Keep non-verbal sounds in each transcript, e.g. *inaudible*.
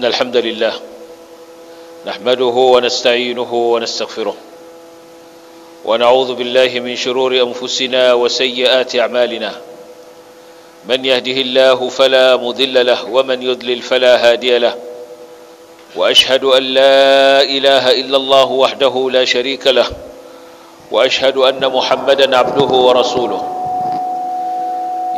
إن الحمد لله نحمده ونستعينه ونستغفره ونعوذ بالله من شرور أنفسنا وسيئات أعمالنا من يهده الله فلا مذل له ومن يذلل فلا هادي له وأشهد أن لا إله إلا الله وحده لا شريك له وأشهد أن محمدا عبده ورسوله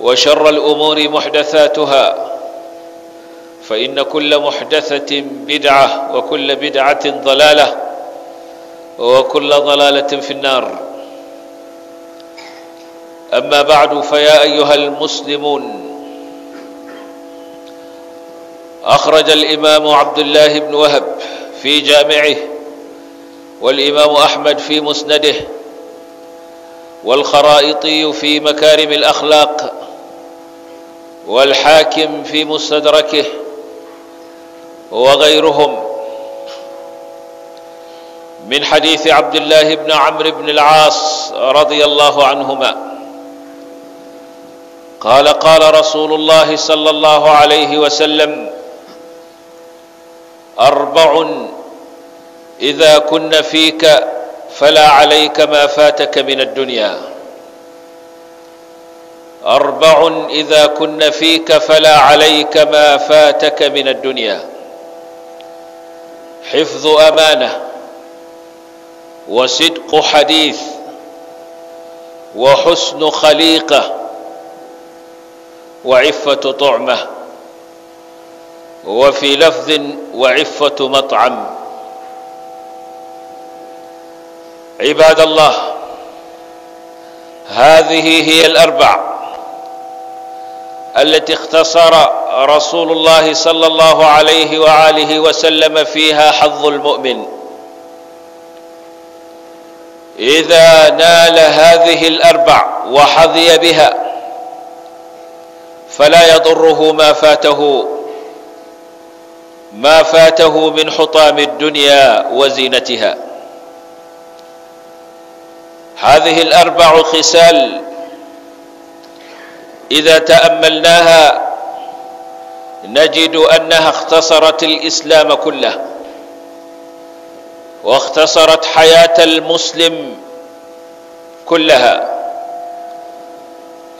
وشر الأمور محدثاتها فإن كل محدثة بدعة وكل بدعة ضلالة وكل ضلالة في النار أما بعد فيا أيها المسلمون أخرج الإمام عبد الله بن وهب في جامعه والإمام أحمد في مسنده والخرائطي في مكارم الأخلاق والحاكم في مستدركه وغيرهم من حديث عبد الله بن عمرو بن العاص رضي الله عنهما قال قال رسول الله صلى الله عليه وسلم أربع إذا كن فيك فلا عليك ما فاتك من الدنيا أربع إذا كن فيك فلا عليك ما فاتك من الدنيا حفظ أمانة وصدق حديث وحسن خليقة وعفة طعمة وفي لفظ وعفة مطعم عباد الله هذه هي الأربع التي اختصر رسول الله صلى الله عليه وآله وسلم فيها حظ المؤمن إذا نال هذه الأربع وحظي بها فلا يضره ما فاته ما فاته من حطام الدنيا وزينتها هذه الاربع خسال اذا تاملناها نجد انها اختصرت الاسلام كله واختصرت حياه المسلم كلها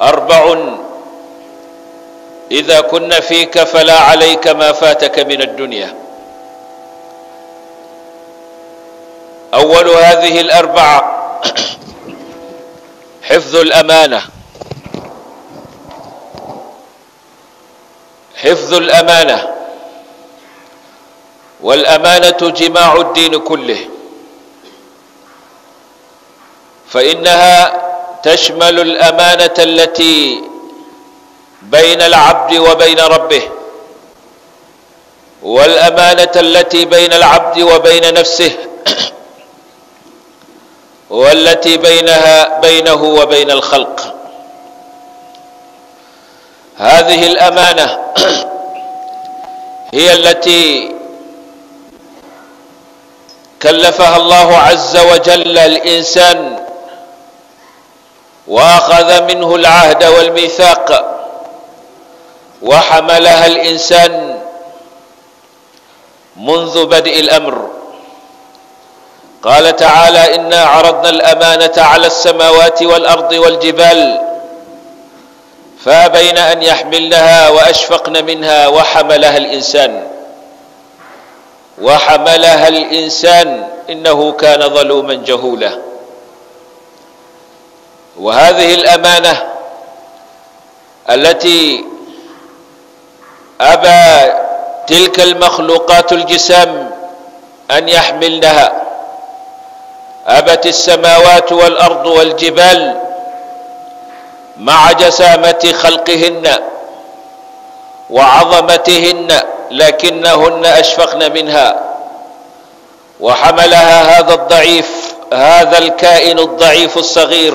اربع اذا كنا فيك فلا عليك ما فاتك من الدنيا اول هذه الاربعه حفظ الأمانة حفظ الأمانة والأمانة جماع الدين كله فإنها تشمل الأمانة التي بين العبد وبين ربه والأمانة التي بين العبد وبين نفسه *coughs* والتي بينها بينه وبين الخلق هذه الأمانة هي التي كلفها الله عز وجل الإنسان وأخذ منه العهد والميثاق وحملها الإنسان منذ بدء الأمر قال تعالى إنا عرضنا الأمانة على السماوات والأرض والجبال فابين أن يحملنها وأشفقن منها وحملها الإنسان وحملها الإنسان إنه كان ظلوما جهولا وهذه الأمانة التي أبى تلك المخلوقات الجسام أن يحملنها ابت السماوات والارض والجبال مع جسامه خلقهن وعظمتهن لكنهن اشفقن منها وحملها هذا الضعيف هذا الكائن الضعيف الصغير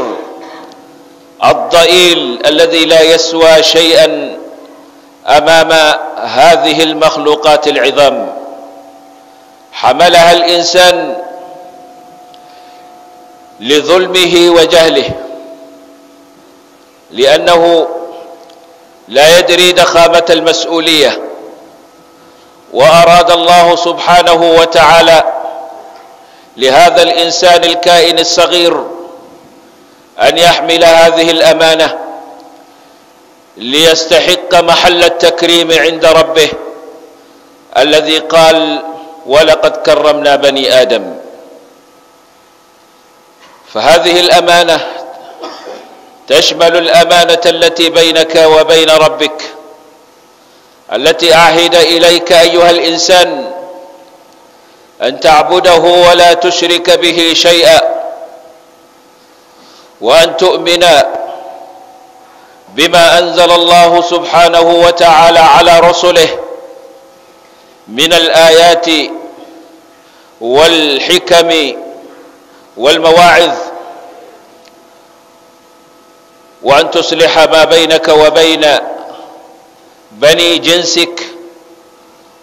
الضئيل الذي لا يسوى شيئا امام هذه المخلوقات العظام حملها الانسان لظلمه وجهله لأنه لا يدري ضخامة المسؤولية وأراد الله سبحانه وتعالى لهذا الإنسان الكائن الصغير أن يحمل هذه الأمانة ليستحق محل التكريم عند ربه الذي قال ولقد كرمنا بني آدم فهذه الامانه تشمل الامانه التي بينك وبين ربك التي اعهد اليك ايها الانسان ان تعبده ولا تشرك به شيئا وان تؤمن بما انزل الله سبحانه وتعالى على رسله من الايات والحكم والمواعظ وأن تصلح ما بينك وبين بني جنسك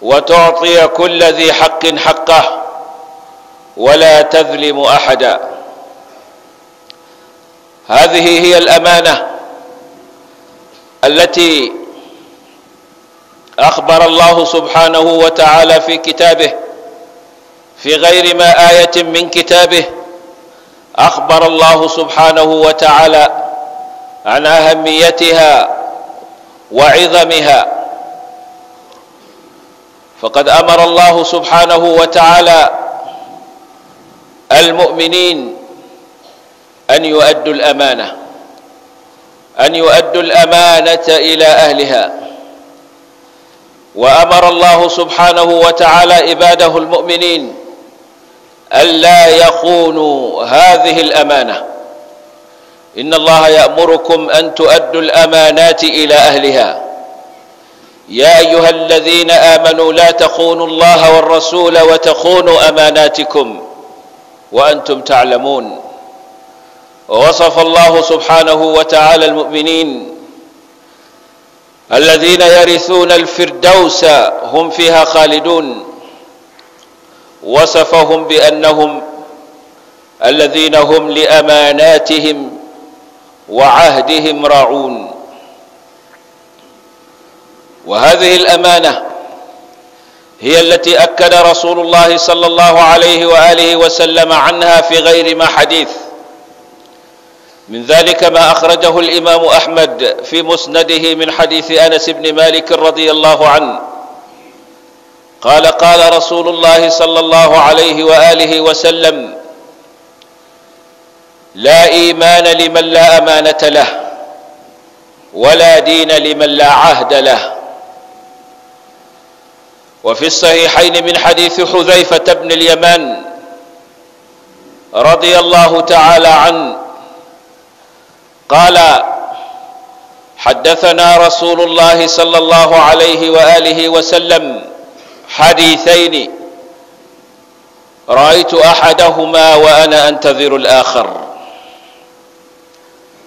وتعطي كل ذي حق حقه ولا تظلم أحدا هذه هي الأمانة التي أخبر الله سبحانه وتعالى في كتابه في غير ما آية من كتابه اخبر الله سبحانه وتعالى عن اهميتها وعظمها فقد امر الله سبحانه وتعالى المؤمنين ان يؤدوا الامانه ان يؤدوا الامانه الى اهلها وامر الله سبحانه وتعالى عباده المؤمنين ألا يخونوا هذه الأمانة إن الله يأمركم أن تؤدوا الأمانات إلى أهلها يا أيها الذين آمنوا لا تخونوا الله والرسول وتخونوا أماناتكم وأنتم تعلمون ووصف الله سبحانه وتعالى المؤمنين الذين يرثون الفردوس هم فيها خالدون وصفهم بأنهم الذين هم لأماناتهم وعهدهم راعون وهذه الأمانة هي التي أكد رسول الله صلى الله عليه وآله وسلم عنها في غير ما حديث من ذلك ما أخرجه الإمام أحمد في مسنده من حديث أنس بن مالك رضي الله عنه قال قال رسول الله صلى الله عليه واله وسلم لا ايمان لمن لا امانه له ولا دين لمن لا عهد له وفي الصحيحين من حديث حذيفه بن اليمان رضي الله تعالى عنه قال حدثنا رسول الله صلى الله عليه واله وسلم حديثين رأيت أحدهما وأنا أنتظر الآخر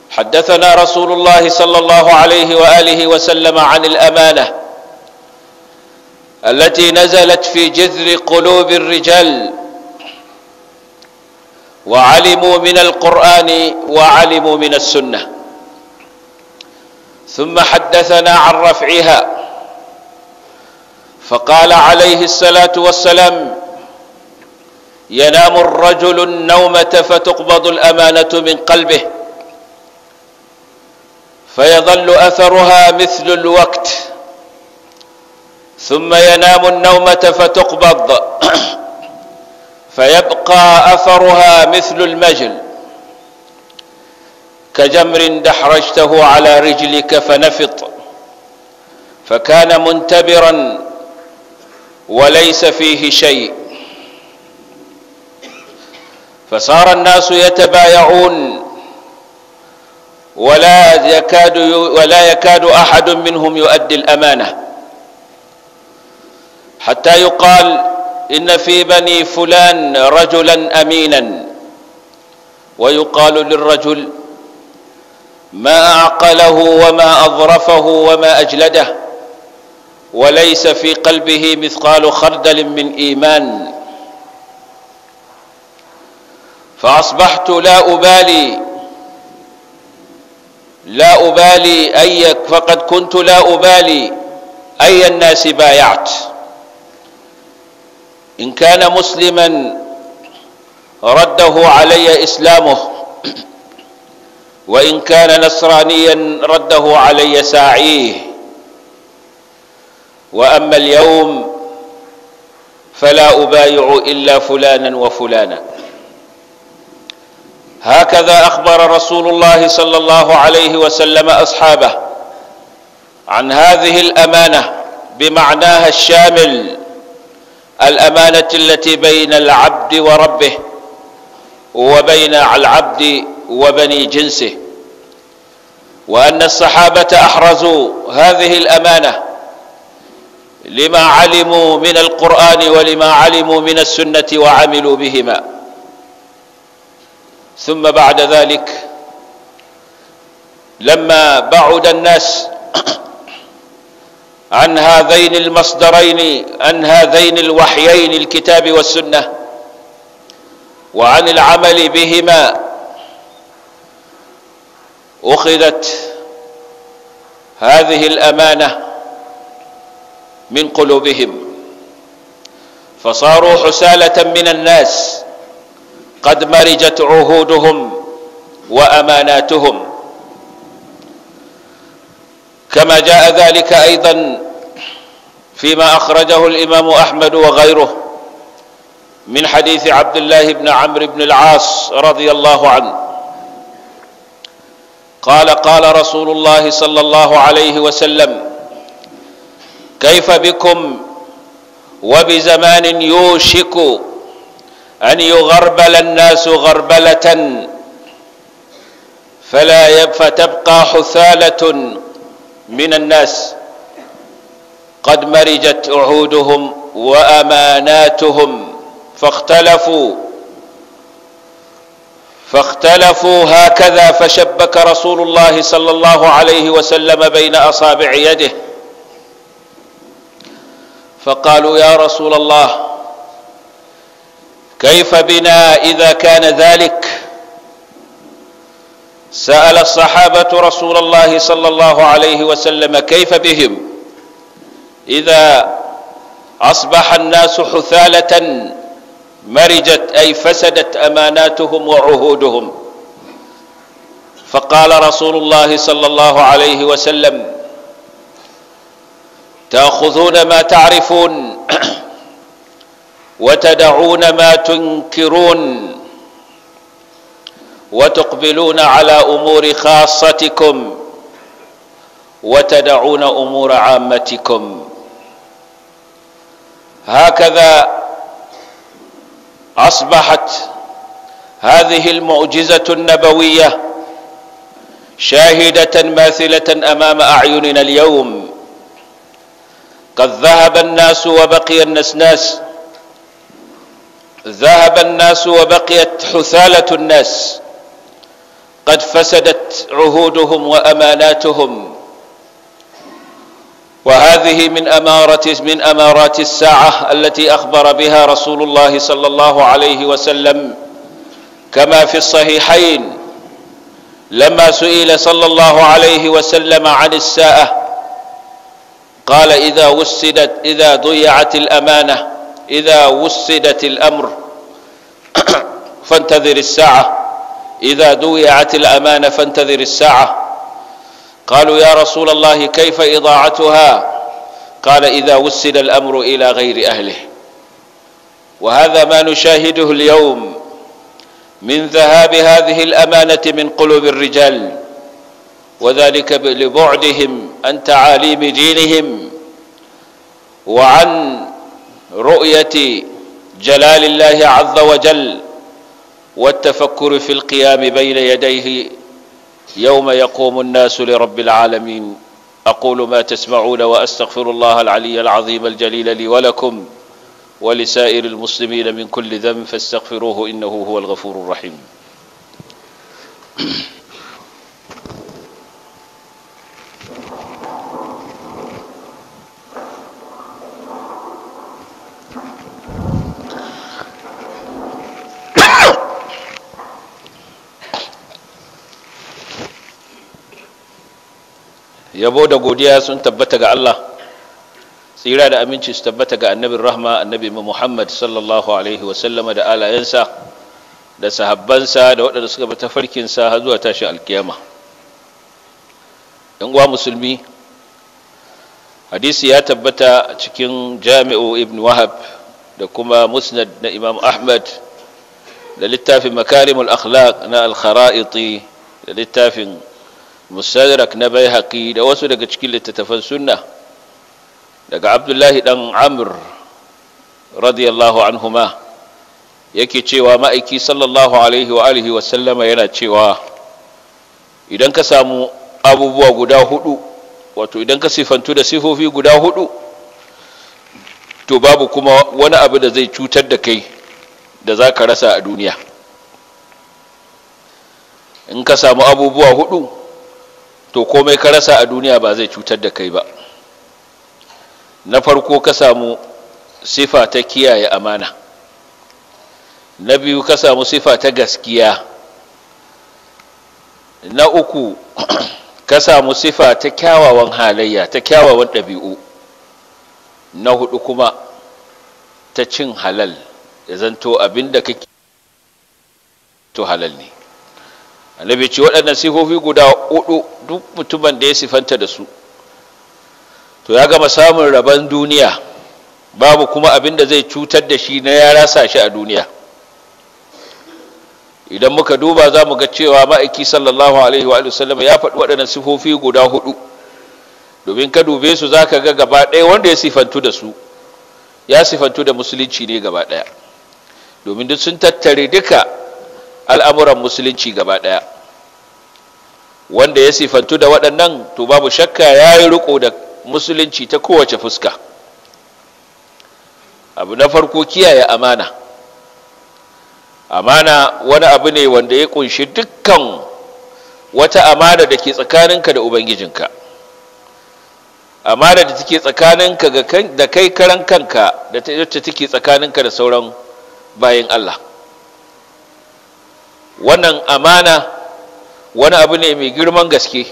حدثنا رسول الله صلى الله عليه وآله وسلم عن الأمانة التي نزلت في جذر قلوب الرجال وعلموا من القرآن وعلموا من السنة ثم حدثنا عن رفعها فقال عليه الصلاة والسلام ينام الرجل النومة فتقبض الأمانة من قلبه فيظل أثرها مثل الوقت ثم ينام النومة فتقبض *coughs* فيبقى أثرها مثل المجل كجمر دحرجته على رجلك فنفط فكان منتبرا وليس فيه شيء فصار الناس يتبايعون ولا يكاد ولا يكاد احد منهم يؤدي الامانه حتى يقال ان في بني فلان رجلا امينا ويقال للرجل ما اعقله وما اظرفه وما اجلده وليس في قلبه مثقال خردل من إيمان فأصبحت لا أبالي لا أبالي أي فقد كنت لا أبالي أي الناس بايعت إن كان مسلما رده علي إسلامه وإن كان نصرانيا رده علي ساعيه واما اليوم فلا ابايع الا فلانا وفلانا هكذا اخبر رسول الله صلى الله عليه وسلم اصحابه عن هذه الامانه بمعناها الشامل الامانه التي بين العبد وربه وبين العبد وبني جنسه وان الصحابه احرزوا هذه الامانه لما علموا من القرآن ولما علموا من السنة وعملوا بهما ثم بعد ذلك لما بعد الناس *clears throat* عن هذين المصدرين عن هذين الوحيين الكتاب والسنة وعن العمل بهما أخذت هذه الأمانة من قلوبهم فصاروا حسالة من الناس قد مرجت عهودهم وأماناتهم كما جاء ذلك أيضا فيما أخرجه الإمام أحمد وغيره من حديث عبد الله بن عمرو بن العاص رضي الله عنه قال قال رسول الله صلى الله عليه وسلم كيف بكم وبزمان يوشك أن يغربل الناس غربلة فلا فتبقى حثالة من الناس قد مرجت عهودهم وأماناتهم فاختلفوا فاختلفوا هكذا فشبك رسول الله صلى الله عليه وسلم بين أصابع يده فقالوا يا رسول الله كيف بنا إذا كان ذلك سأل الصحابة رسول الله صلى الله عليه وسلم كيف بهم إذا أصبح الناس حثالة مرجت أي فسدت أماناتهم وعهودهم فقال رسول الله صلى الله عليه وسلم تاخذون ما تعرفون *clears throat* وتدعون ما تنكرون وتقبلون على امور خاصتكم وتدعون امور عامتكم هكذا اصبحت هذه المعجزه النبويه شاهده ماثله امام اعيننا اليوم قد ذهب الناس وبقي النسناس ذهب الناس وبقيت حثالة الناس قد فسدت عهودهم وأماناتهم وهذه من أمارة من أمارات الساعة التي أخبر بها رسول الله صلى الله عليه وسلم كما في الصحيحين لما سئل صلى الله عليه وسلم عن الساعه قال إذا وسدت إذا ضيعت الأمانة إذا وسدت الأمر *coughs* فانتظر الساعة إذا ضيعت الأمانة فانتظر الساعة قالوا يا رسول الله كيف إضاعتها قال إذا وسد الأمر إلى غير أهله وهذا ما نشاهده اليوم من ذهاب هذه الأمانة من قلوب الرجال وذلك لبعدهم عن تعاليم دينهم وعن رؤية جلال الله عز وجل والتفكر في القيام بين يديه يوم يقوم الناس لرب العالمين أقول ما تسمعون وأستغفر الله العلي العظيم الجليل لي ولكم ولسائر المسلمين من كل ذنب فاستغفروه إنه هو الغفور الرحيم yabo da godiya sun tabbata ga Allah tsira da aminci su tabbata ga annabin rahma annabi Muhammad sallallahu alaihi wasallama da alayensa da sahabbansa da waɗanda suka bata farkinsa, har zuwa tashi alkiyama yan uwa musulmi hadisi ya tabbata cikin jami'u ibn wahab da kuma musnad na imam ahmad da littafin makarimul akhlaq na al-kharaiti da littafin mustadrak na bai da wasu daga cikin littattafan sunna daga abdullahi ɗan amur radiyallahu anhuma yake cewa ma'aiki sallallahu alaihi wa alihi wasallama yana cewa idan ka samu abubuwa guda hudu wato idan ka sifantu da sifofi guda hudu to babu kuma wani abu da zai cutar da kai da za ka rasa a duniya in ka samu abubuwa hudu to komai ka rasa a duniya ba zai cutar da kai ba na farko ka samu sifa ta kiyaye amana na biyu ka samu sifa ta gaskiya na uku *clears throat* ka samu sifa ta kyawawan halayya ta kyawawan ɗabi'u na hudu kuma ta cin halal ya zanto abin abinda kake to halal ne annabi ce waɗannan sifofi guda hudu duk mutumin da ya sifanta da su to ya gama samun rabon duniya babu kuma abin da zai cutar da shi na yara rasa shi a duniya idan muka duba za mu ga cewa ma'aiki sallallahu alaihi wa sallam ya faɗi waɗannan sifofi guda hudu domin ka dube su za ka ga gaba ɗaya wanda ya sifantu da su ya sifantu da musulunci ne gaba ɗaya domin duk sun tattare duka al'amuran musulunci gaba ɗaya wanda ya sifantu da waɗannan to babu shakka ya yi riko da musulunci ta kowace fuska abu na farko kiyaye amana amana wani abu ne wanda ya kunshi dukkan wata amana da ke tsakaninka da ubangijinka amana da take tsakaninka da kai karan kanka da ta take tsakaninka da sauran bayan Allah wannan amana wani abu ne mai girman gaske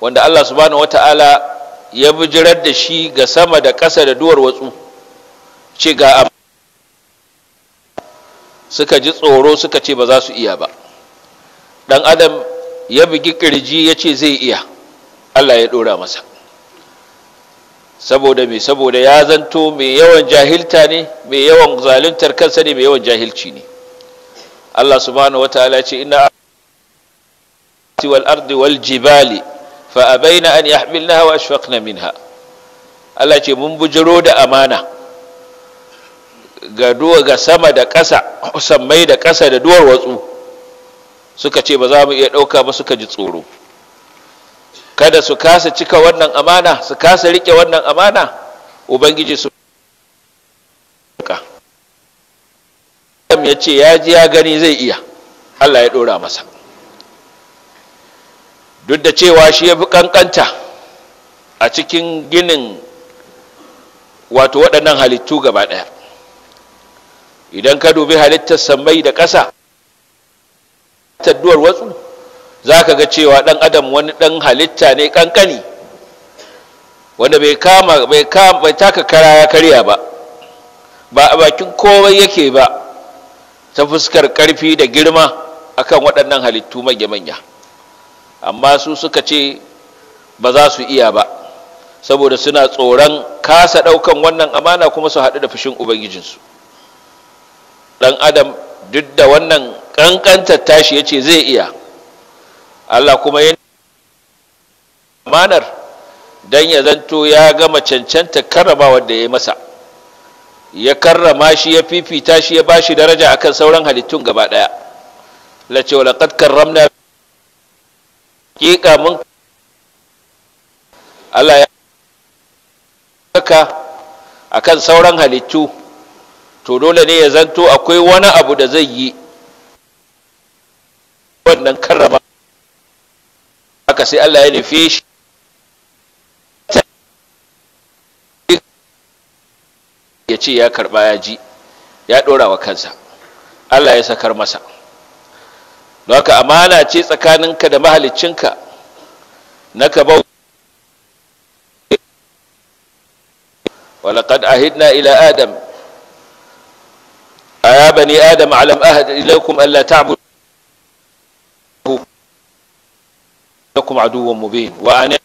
wanda Allah subhanahu wata'ala ya bijirar da shi ga sama da ƙasa da duwar watsu ce ga suka ji tsoro suka ce ba za su iya ba dan adam ya bugi kirji ya ce zai iya Allah ya ɗora masa saboda mai saboda ya zanto mai yawan jahilta ne mai yawan zaluntar kansa ne mai yawan jahilci ne Allah subhanahu wataala ce inna wal ardi wal jibali fa abaina an yahmilnaha wa ashfaqna minha Allah ce mun bujiro da amana ga duwa ga sama da ƙasa sammai da ƙasa da duwar watsu suka ce ba za mu iya ɗauka ba suka ji tsoro kada su kasa cika wannan amana su kasa riƙe wannan amana ubangiji su adam ya ce ya ji ya gani zai iya allah ya ɗora masa duk da cewa shi ya fi ƙanƙanta a cikin ginin wato waɗannan halittu gaba ɗaya idan ka dubi halittar sammai da ƙasa tadduwar watsu za ka ga cewa ɗan adam wani ɗan halitta ne ƙanƙani wanda bai kama bai taka kara ya karya ba ba a bakin kowai yake ba ta fuskar ƙarfi da girma akan waɗannan halittu manya-manya amma su suka ce ba za su iya ba saboda suna tsoron kasa ɗaukan wannan amana kuma su haɗu da fushin ubangijinsu ɗan adam duk da wannan ƙanƙantar tashi ya ce zai iya allah kuma yana amanar don ya zanto ya gama cancanta karrama wanda ya yi masa ya karrama shi ya fifita shi ya bashi daraja akan sauran halittun gaba daya la ce qad karramna kika mun Allah ya saka akan sauran halittu to dole ne ya zanto akwai wani abu da zai yi wannan karrama haka sai Allah ya nufi shi ya ce ya karba ya ji ya dora wa kansa Allah ya sakar masa don haka amana ce tsakaninka da mahaliccinka na ka bau ولقد عهدنا إلى آدم يا بني آدم علم أهد إليكم ألا تعبدوا لكم عدو مبين وأنا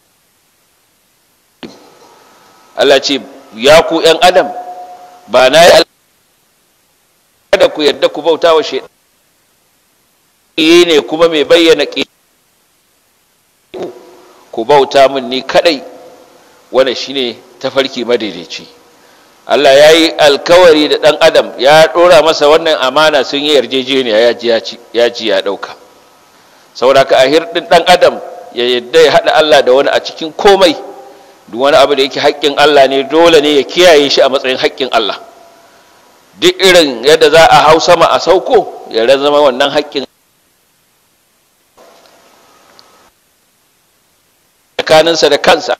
Allah ce ya ku ‘yan adam ba na yi da ku yadda ku bauta wa shaidan ne kuma mai bayyana ƙi ku bauta min ni kadai Wani shine tafarki madaidaici Allah ya yi alkawari da ɗan adam ya ɗora masa wannan amana sun yi yarjejeniya ya ji ya ɗauka saboda ka a hirɗin ɗan adam ya yadda ya haɗa Allah da wani a cikin komai duk wani abu da yake haƙƙin Allah ne dole ne ya kiyaye shi a matsayin haƙƙin Allah duk irin yadda za a hau sama a sauko ya zama wannan haƙƙin tsakaninsa da kansa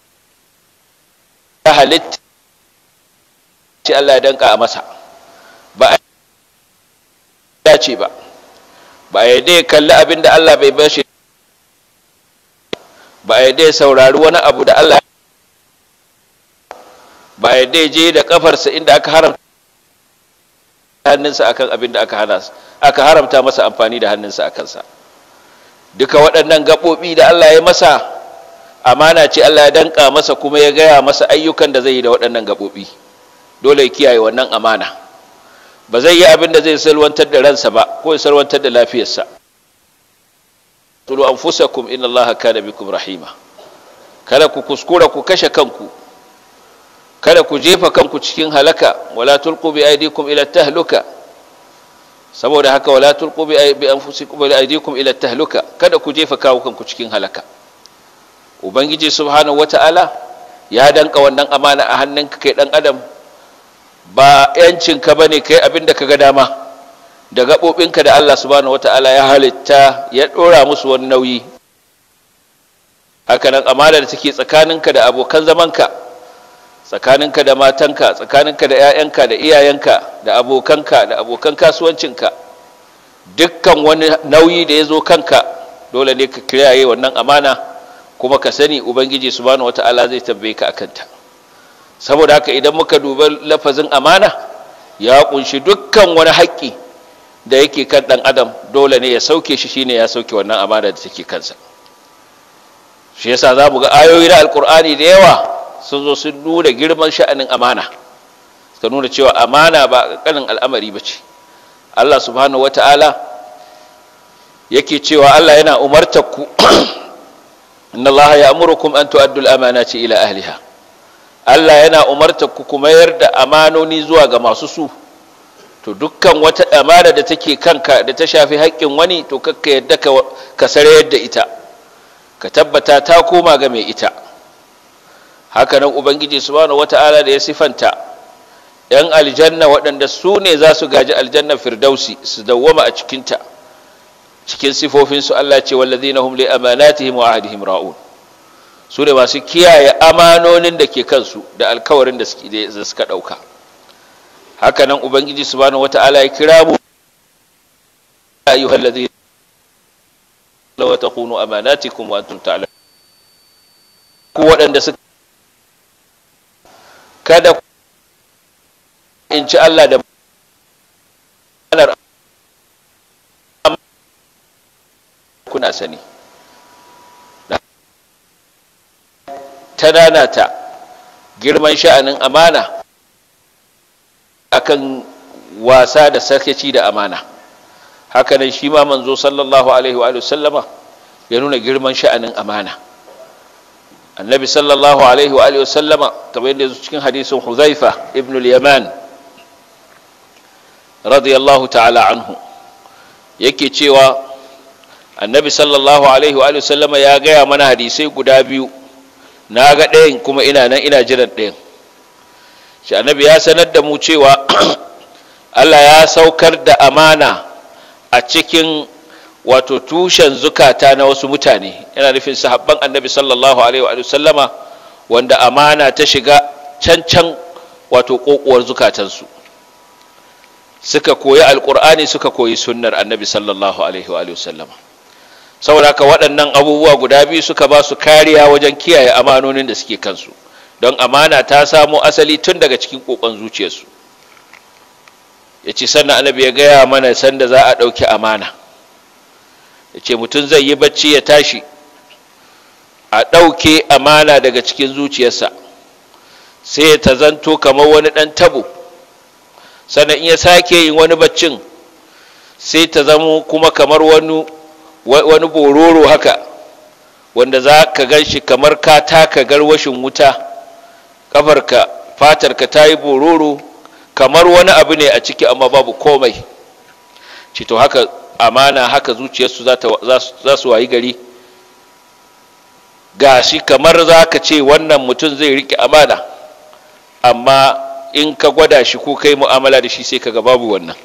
ta halitta ce Allah ya danka a masa ba a dace ba ba a ya dai kalli abin da Allah bai bashi ba a ya dai saurari wani abu da Allah ba ya dai je da kafarsa inda aka haramta hannunsa akan abin da aka hana aka haramta masa amfani da hannunsa akan sa duka waɗannan gaɓoɓi da Allah ya masa amana ce Allah ya danka masa kuma ya gaya masa ayyukan da zai yi da waɗannan gaɓoɓi dole ya kiyaye wannan amana ba zai yi abin da zai salwantar da ransa ba ko ya salwantar da lafiyarsa tulu anfusakum inna allaha kana bikum rahima kada ku kuskura ku kashe kanku kada ku jefa kanku cikin halaka wala tulqu bi aydikum ila tahluka saboda haka wala tulqu bi anfusikum bi aydikum ila tahluka kada ku jefa kawo kanku cikin halaka ubangiji subhanahu wataala ya danka wannan amana a hannunka kai dan adam ba yancinka bane kai abinda kaga dama da gaɓoɓinka da Allah subhanahu wata'ala ya halitta ya ɗora musu wani nauyi nan amana da take tsakaninka da abokan zamanka tsakaninka da matanka tsakaninka da 'ya'yanka da iyayenka da abokanka da abokan kasuwancinka dukkan wani nauyi da ya zo kanka dole ne ka kiraye wannan amana kuma ka sani ubangiji subhanahu ala zai tambayi ka akanta saboda haka idan muka duba lafazin amana ya kunshi dukkan wani haƙƙi da yake kan ɗan adam dole ne ya sauke shi shine ya sauke wannan amana da take kansa shi yasa za mu ga ayoyi na alkur'ani da yawa sun zo sun nuna girman sha'anin amana suka nuna cewa amana ba ƙanin al'amari ba ce allah subhanahu wata'ala yake cewa allah yana umartar ku *clears throat* inna allaha ya amurukum an tu'addu al-amanati ila ahliha allah yana umartar ku kuma yar da amanoni zuwa ga masu su to dukkan wata amana da take kanka da ta shafi haƙƙin wani to kakka yadda ka sare yadda ita ka tabbata ta koma ga mai ita haka nan ubangiji subhanahu wata'ala da ya sifanta yan aljanna waɗanda su ne za su gaji aljanna firdausi su dawwama a cikinta cikin sifofinsu Allah ce na hum li amanatihim wa ahdihim ra'un su ne masu kiyaye amanonin da ke kansu da alkawarin da suka ɗauka haka nan ubangiji wata ala ya kira mu ayyuhal ladina la wa takunu amanatikum wa antum ta'lamun ku waɗanda suka kada in ci Allah da malar kuna sani ta ta girman sha'anin amana akan wasa da sarkaci da amana hakanan shi ma manzo sallallahu alaihi wa sallama ya nuna girman sha'anin amana annabi sallallahu alaihi wa alihi wasallama kamar yadda yanzu cikin hadisin huzaifa ibn al-yaman radiyallahu ta'ala anhu yake cewa annabi sallallahu alaihi wa alihi wasallama ya gaya mana hadisai guda biyu na ga ɗayan kuma ina nan ina jiran ɗayan shi annabi ya sanar da mu cewa *clears throat* Allah ya saukar da amana a cikin wato tushen zukata na wasu mutane yana nufin sahabban annabi sallallahu alaihi sallama wanda amana ta shiga cancan wato kokowar zukatansu suka koyi alkur'ani suka koyi sunnar annabi sallallahu alaihi wa sallama saboda haka waɗannan abubuwa guda biyu suka ba su kariya wajen kiyaye amanonin da suke kansu don amana ta samo asali tun daga cikin kokon zuciyarsu ya ce sannan annabi ya gaya mana sanda za a ɗauki amana Yace mutum zai yi bacci ya tashi a ɗauke amana daga cikin zuciyarsa sai ya tazanto kamar wani ɗan tabo sannan in ya sake yin wani baccin sai ta zamo kuma kamar wani bororo haka wanda za ka gan shi kamar ka taka garwashin wuta ƙafarka fatarka ta yi bororo kamar wani abu ne a ciki amma babu komai ce to haka amana haka zuciyarsu za su wayi gari ga shi kamar za ka ce wannan mutum zai riƙe amana amma in ka gwada shi ko kai mu'amala da shi sai ka ga babu wannan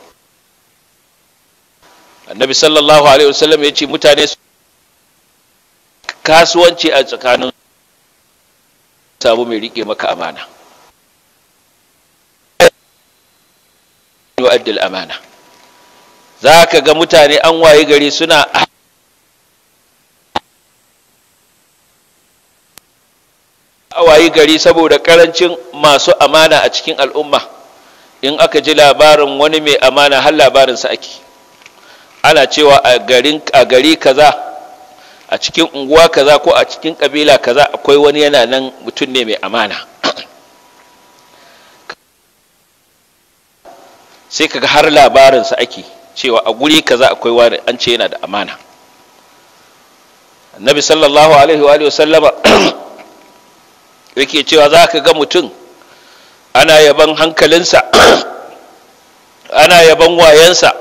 annabi sallallahu alaihi wasallam ya ce mutane su kasuwanci a tsakanin samu mai riƙe maka amana yu'addil amana za ka ga mutane an waye gari suna a waye gari saboda karancin masu amana a cikin al'umma in aka ji labarin wani mai amana har labarinsa ake ana cewa a gari kaza a cikin unguwa kaza ko a cikin kabila kaza akwai wani yana nan mutum ne mai amana sai kaga har labarinsa ake cewa a guri kaza akwai wani an ce yana da amana annabi sallallahu alaihi wa sallama *clears throat* yake cewa za ka ga mutum ana yaban hankalinsa *clears throat* ana yaban wayansa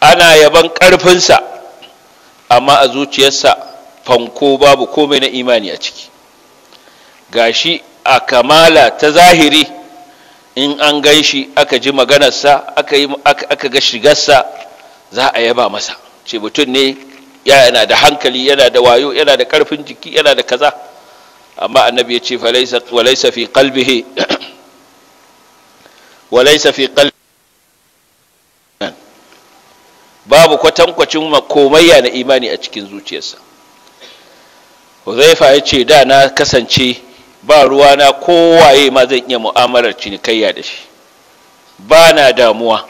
ana yaban ƙarfinsa amma a zuciyarsa fanko babu komai na imani a ciki gashi a kamala ta zahiri in an gan shi aka ji maganarsa aka ga shigarsa za a yaba masa ce mutum ne yana da hankali yana da wayo yana da karfin jiki yana da kaza amma annabi ya ce walaisa fi qalbihi *clears throat* walaisa fi qalbihi babu kwatankwacin komayya na imani a cikin zuciyarsa huzaifa ya ce da na kasance ba ruwana kowaye ma zan iya mu'amalar cinikayya da shi ba na damuwa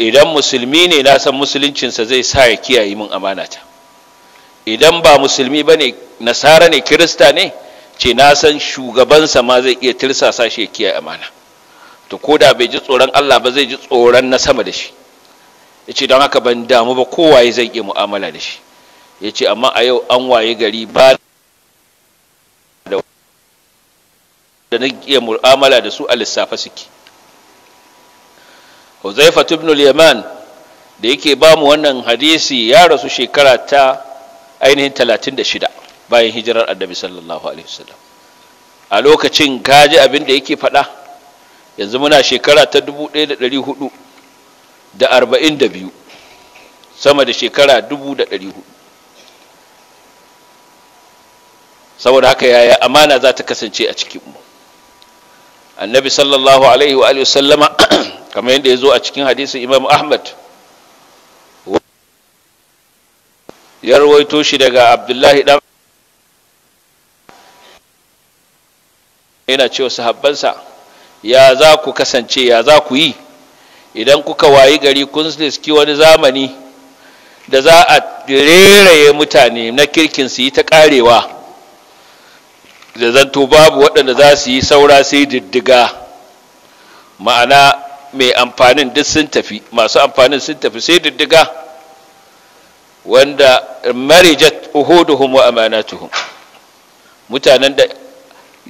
idan musulmi ne na san musuluncinsa zai sa ya kiyaye min amanata idan ba musulmi ba ne nasara ne kirista ne ce na san shugabansa ma zai iya tirsasa shi ya kiyaye amana to ko da bai ji tsoron allah ba zai ji tsoron na sama da shi ya ce don haka ban damu ba kowaye zai iya mu'amala da shi ya ce amma a yau an waye gari ba da na iya mu'amala da su a lissafa suke Huzaifa ibn al-Yaman da yake ba mu wannan hadisi ya rasu shekara ta ainihin 36 bayan hijirar Annabi sallallahu alaihi wasallam a lokacin kaji abin da yake faɗa yanzu muna shekara ta 1400 da 42 sama da shekara 1400 saboda haka yaya amana za ta kasance a cikinmu annabi sallallahu alaihi wa alihi sallama *clears throat* kamar yadda ya zo a cikin hadisin imam ahmad ya rawaito shi daga abdullahi dan yana cewa sahabbansa ya za ku kasance ya za ku yi idan kuka wayi gari kun riski wani zamani da za a reraye mutane na kirkin su yi ta karewa da zanto babu waɗanda za su yi saura sai diddiga ma'ana mai amfanin duk sun tafi masu amfanin sun tafi sai diddiga wanda marijat uhuduhum wa amanatuhum mutanen da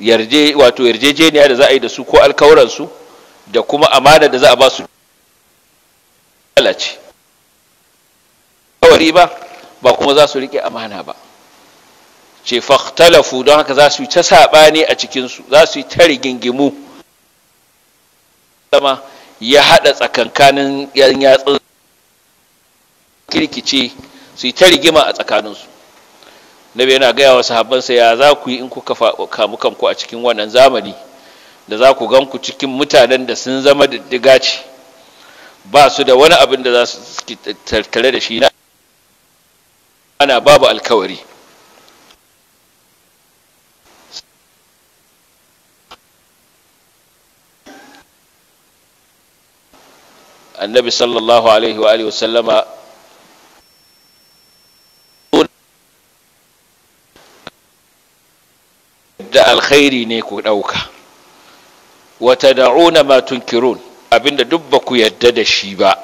yarje wato yarjejeniya da za a yi da su ko alkawuransu da kuma amana da za a ba su lalace kawari ba ba kuma za su rike amana ba ce fahtalafu don haka za su yi ta saɓani a cikinsu za su yi ta rigingimu zama ya haɗa tsakankanin yan yatsun kirkice su yi ta rigima a tsakaninsu nabi yana gaya wa sahabbansa ya za ku yi in kuka kamu kanku a cikin wannan zamani da za ku gan ku cikin mutanen da sun zama diddiga ce ba su da wani abin da za su tattare da shi na ana babu alkawari annabi sallallahu alaihi wa alihi wasallama da alkhairi ne ku dauka wa tad'una ma tunkirun abinda duk ku yadda da shi ba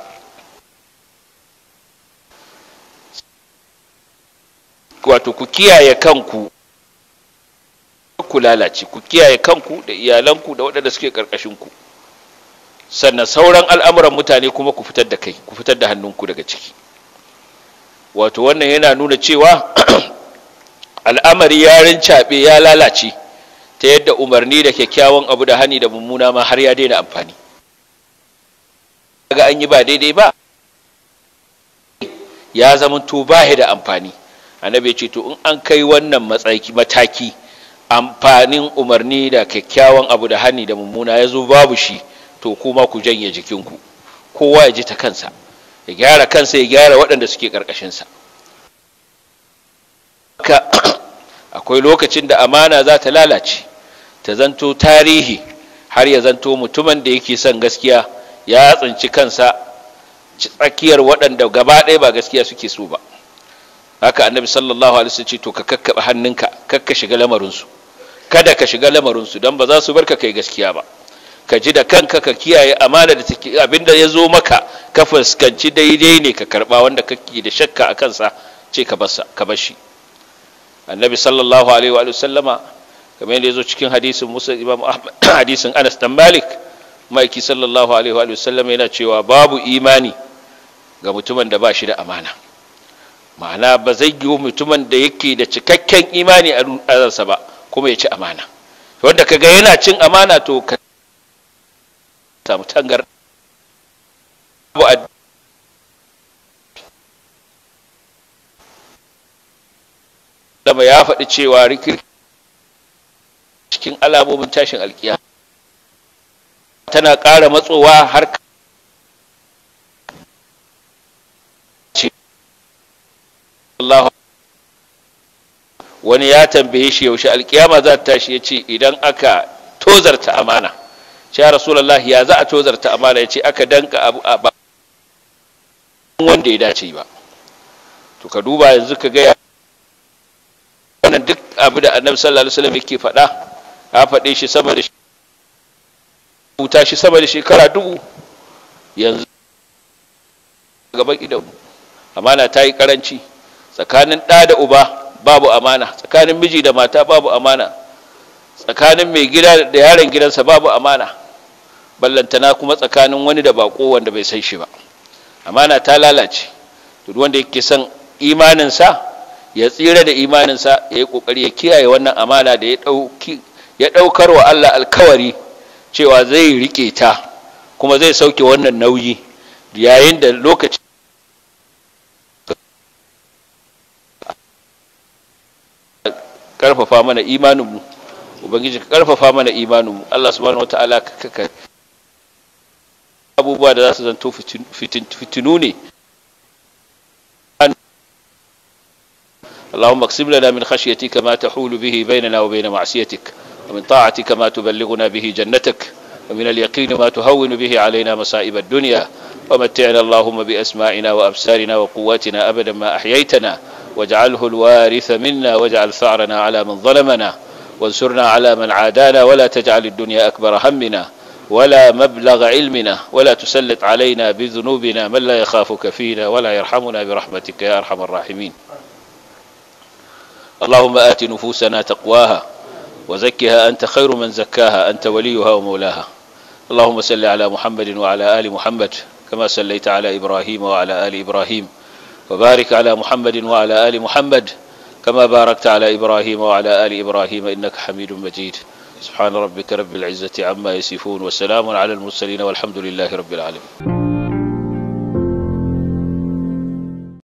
wato ku kiyaye kanku ku lalace ku kiyaye kanku da iyalanku da waɗanda suke ƙarƙashinku ku sannan sauran al'amuran mutane kuma ku fitar da kai ku fitar da hannunku daga ciki wato wannan yana nuna cewa *clears throat* al'amari ya rincaɓe ya lalace ta yadda umarni da kyakkyawan abu da hani da mummuna ma har ya daina amfani daga an yi ba daidai ba ya to ba da amfani annabi ce to in an kai wannan mataki amfanin umarni da kyakkyawan abu da hani da mummuna ya zo babu shi to kuma ku janye jikinku kowa ya ji ta kansa ya gyara kansa ya gyara waɗanda suke ƙarƙashinsa *clears throat* akwai lokacin da amana za ta lalace ta zanto tarihi har ya zanto mutumin da yake son gaskiya ya tsinci kansa tsakiyar waɗanda gaba ɗaya ba gaskiya suke so ba haka annabi sallallahu alaihi wasallam ce to ka kakkaba hannunka kakka shiga lamarinsu kada ka shiga lamarinsu don ba za su barka kai gaskiya ba ka ji da kanka ka kiyaye amana da take abinda ya zo maka ka fuskanci daidai ne ka karba wanda kake da shakka a kansa ce ka basa ka bashi annabi sallallahu alaihi wa sallama kamar yadda ya zo cikin hadisin musa imam *coughs* hadisin anas dan malik maiki sallallahu alaihi wa sallama yana cewa babu imani ga mutumin da ba shi da amana ma'ana ba zai yi mutumin da yake da cikakken imani a ransa ba kuma ya ci amana wanda kaga yana cin amana to ka samu tangar abu a dama ya faɗi cewa rikir cikin alamomin tashin alkiya tana ƙara matsowa har Allah wani ya tambaye shi yaushe alkiyama za ta tashi ya ce idan aka tozarta amana ce ya rasulullah ya za a tozarta amana ya ce aka danka abu a ba wanda ya dace ba to ka duba yanzu ka gaya wannan duk abu da annabi sallallahu alaihi wasallam yake faɗa ya faɗe shi sama da ta shi sama da shekara dubu yanzu gaban idan amana ta yi karanci tsakanin ɗa da uba babu amana tsakanin miji da mata babu amana tsakanin mai gida da yaron gidansa babu amana ballantana kuma tsakanin wani da bako wanda bai san shi ba amana ta lalace duk wanda yake son imaninsa ya tsira da imaninsa ya yi kokari ya kiyaye wannan amana da ya ɗaukar wa Allah alkawari cewa zai rike ta kuma zai sauke wannan nauyi yayin da lokaci karfafa mana imaninmu ubangiji ka karfafa mana imaninmu Allah subhanahu wataala ka ka abubuwa da za su zanto fitinu ne اللهم اقسم لنا من خشيتك ما تحول به بيننا وبين معصيتك ومن طاعتك ما تبلغنا به جنتك ومن اليقين ما تهون به علينا مصائب الدنيا ومتعنا اللهم بأسمائنا وأبصارنا وقواتنا أبدا ما أحييتنا واجعله الوارث منا واجعل ثأرنا على من ظلمنا وانصرنا على من عادانا ولا تجعل الدنيا أكبر همنا ولا مبلغ علمنا ولا تسلط علينا بذنوبنا من لا يخافك فينا ولا يرحمنا برحمتك يا أرحم الراحمين اللهم آت نفوسنا تقواها وزكها أنت خير من زكاها أنت وليها ومولاها اللهم صل على محمد وعلى آل محمد كما صليت على إبراهيم وعلى آل إبراهيم وبارك على محمد وعلى آل محمد كما باركت على إبراهيم وعلى آل إبراهيم إنك حميد مجيد سبحان ربك رب العزة عما يصفون وسلام على المرسلين والحمد لله رب العالمين